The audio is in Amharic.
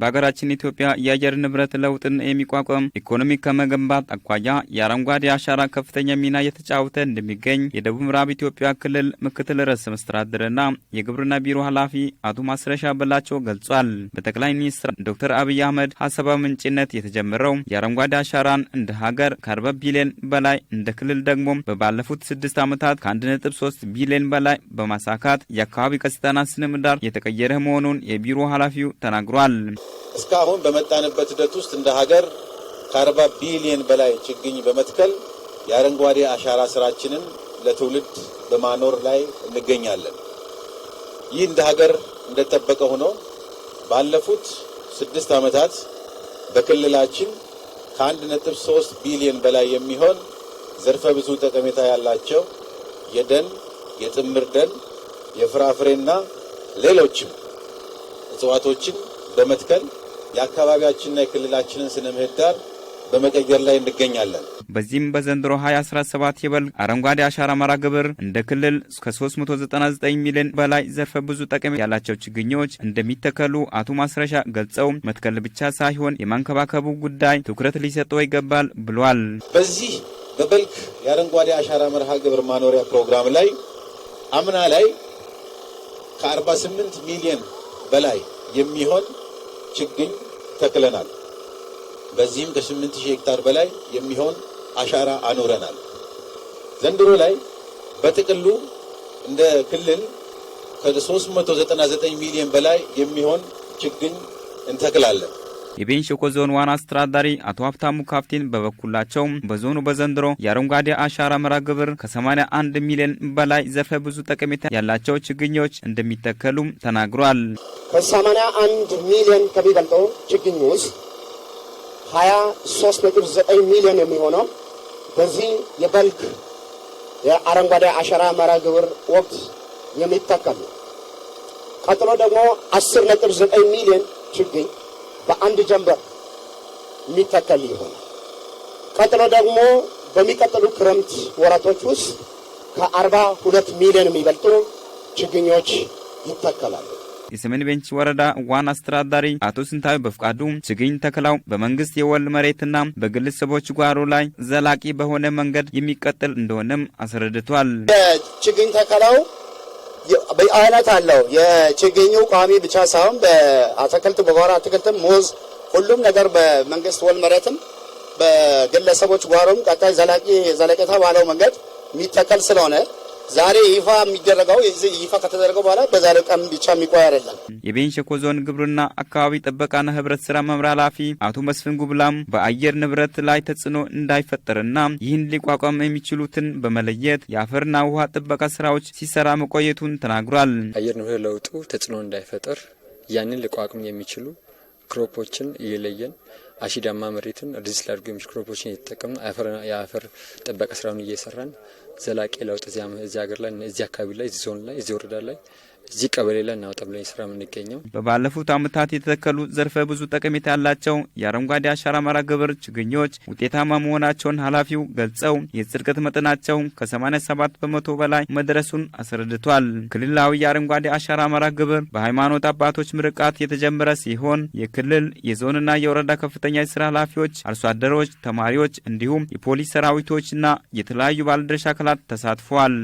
በሀገራችን ኢትዮጵያ የአየር ንብረት ለውጥን የሚቋቋም ኢኮኖሚ ከመገንባት አኳያ የአረንጓዴ አሻራ ከፍተኛ ሚና እየተጫወተ እንደሚገኝ የደቡብ ምዕራብ ኢትዮጵያ ክልል ምክትል ርዕሰ መስተዳድርና የግብርና ቢሮ ኃላፊ አቶ ማስረሻ በላቸው ገልጿል። በጠቅላይ ሚኒስትር ዶክተር አብይ አህመድ ሀሳብ ምንጭነት የተጀመረው የአረንጓዴ አሻራን እንደ ሀገር ከ40 ቢሊዮን በላይ እንደ ክልል ደግሞ በባለፉት ስድስት ዓመታት ከ1.3 ቢሊዮን በላይ በማሳካት የአካባቢ ገጽታና ስነ ምህዳር የተቀየረ መሆኑን የቢሮ ኃላፊው ተናግሯል። እስካሁን በመጣንበት ሂደት ውስጥ እንደ ሀገር ከአርባ ቢሊየን በላይ ችግኝ በመትከል የአረንጓዴ አሻራ ስራችንን ለትውልድ በማኖር ላይ እንገኛለን። ይህ እንደ ሀገር እንደተጠበቀ ሆኖ ባለፉት ስድስት ዓመታት በክልላችን ከአንድ ነጥብ ሶስት ቢሊየን በላይ የሚሆን ዘርፈ ብዙ ጠቀሜታ ያላቸው የደን የጥምር ደን የፍራፍሬና ሌሎችም እጽዋቶችን በመትከል የአካባቢያችንና የክልላችንን ስነ ምህዳር በመቀየር ላይ እንገኛለን። በዚህም በዘንድሮ 2017 የበልግ አረንጓዴ አሻራ መርሃ ግብር እንደ ክልል ከ399 ሚሊዮን በላይ ዘርፈ ብዙ ጠቀሜታ ያላቸው ችግኞች እንደሚተከሉ አቶ ማስረሻ ገልጸው መትከል ብቻ ሳይሆን የማንከባከቡ ጉዳይ ትኩረት ሊሰጠው ይገባል ብሏል። በዚህ በበልግ የአረንጓዴ አሻራ መርሃ ግብር ማኖሪያ ፕሮግራም ላይ አምና ላይ ከ48 ሚሊዮን በላይ የሚሆን ችግኝ ተክለናል። በዚህም ከ8000 ሄክታር በላይ የሚሆን አሻራ አኖረናል። ዘንድሮ ላይ በጥቅሉ እንደ ክልል ከ399 ሚሊዮን በላይ የሚሆን ችግኝ እንተክላለን። የቤንች ሸኮ ዞን ዋና አስተዳዳሪ አቶ ሀብታሙ ካፍቲን በበኩላቸው በዞኑ በዘንድሮ የአረንጓዴ አሻራ መርሃ ግብር ከ81 ሚሊዮን በላይ ዘርፈ ብዙ ጠቀሜታ ያላቸው ችግኞች እንደሚተከሉ ተናግሯል። ከ81 ሚሊዮን ከሚበልጠው ችግኝ ውስጥ 23.9 ሚሊዮን የሚሆነው በዚህ የበልግ የአረንጓዴ አሻራ መርሃ ግብር ወቅት የሚተከል ቀጥሎ ደግሞ 10.9 ሚሊዮን ችግኝ በአንድ ጀንበር የሚተከል ይሆናል። ቀጥሎ ደግሞ በሚቀጥሉ ክረምት ወራቶች ውስጥ ከአርባ ሁለት ሚሊዮን የሚበልጡ ችግኞች ይተከላሉ። የሰሜን ቤንች ወረዳ ዋና አስተዳዳሪ አቶ ስንታዊ በፍቃዱ ችግኝ ተክላው በመንግስት የወል መሬትና በግለሰቦች ጓሮ ላይ ዘላቂ በሆነ መንገድ የሚቀጥል እንደሆነም አስረድቷል። ችግኝ ተከላው አይነት አለው። የችግኙ ቋሚ ብቻ ሳይሆን በአትክልት በጓሮ አትክልትም ሙዝ፣ ሁሉም ነገር በመንግስት ወል መሬትም በግለሰቦች ጓሮም ቀጣይ ዘላቂ ዘለቄታ ባለው መንገድ የሚተከል ስለሆነ ዛሬ ይፋ የሚደረገው ይፋ ከተደረገው በኋላ በዛሬው ቀን ብቻ የሚቆይ አይደለም። የቤንች ሸኮ ዞን ግብርና አካባቢ ጥበቃና ህብረት ስራ መምሪያ ኃላፊ አቶ መስፍን ጉብላም በአየር ንብረት ላይ ተጽዕኖ እንዳይፈጠርና ይህን ሊቋቋም የሚችሉትን በመለየት የአፈርና ውሃ ጥበቃ ስራዎች ሲሰራ መቆየቱን ተናግሯል። አየር ንብረት ለውጡ ተጽዕኖ እንዳይፈጠር ያንን ሊቋቋም የሚችሉ ክሮፖችን እየለየን አሺዳማ መሬትን ሪዚስት ላድርጉ የሚችሉ ክሮፖችን እየተጠቀም የአፈር ጥበቃ ስራውን እየሰራን ዘላቂ ለውጥ እዚህ ሀገር ላይ እዚህ አካባቢ ላይ እዚህ ዞን ላይ እዚህ ወረዳ ላይ እዚህ ቀበሌ ላይ እናወጣ ብለን ስራ የምንገኘው በባለፉት አመታት የተተከሉ ዘርፈ ብዙ ጠቀሜታ ያላቸው የአረንጓዴ አሻራ መርሃ ግብር ችግኞች ውጤታማ መሆናቸውን ኃላፊው ገልጸው የጽድቀት መጠናቸው ከ87 በመቶ በላይ መድረሱን አስረድቷል። ክልላዊ የአረንጓዴ አሻራ መርሃ ግብር በሃይማኖት አባቶች ምርቃት የተጀመረ ሲሆን የክልል የዞንና የወረዳ ከፍተኛ የስራ ኃላፊዎች፣ አርሶ አደሮች፣ ተማሪዎች እንዲሁም የፖሊስ ሰራዊቶችና የተለያዩ ባለድርሻ አካላት ተሳትፏል።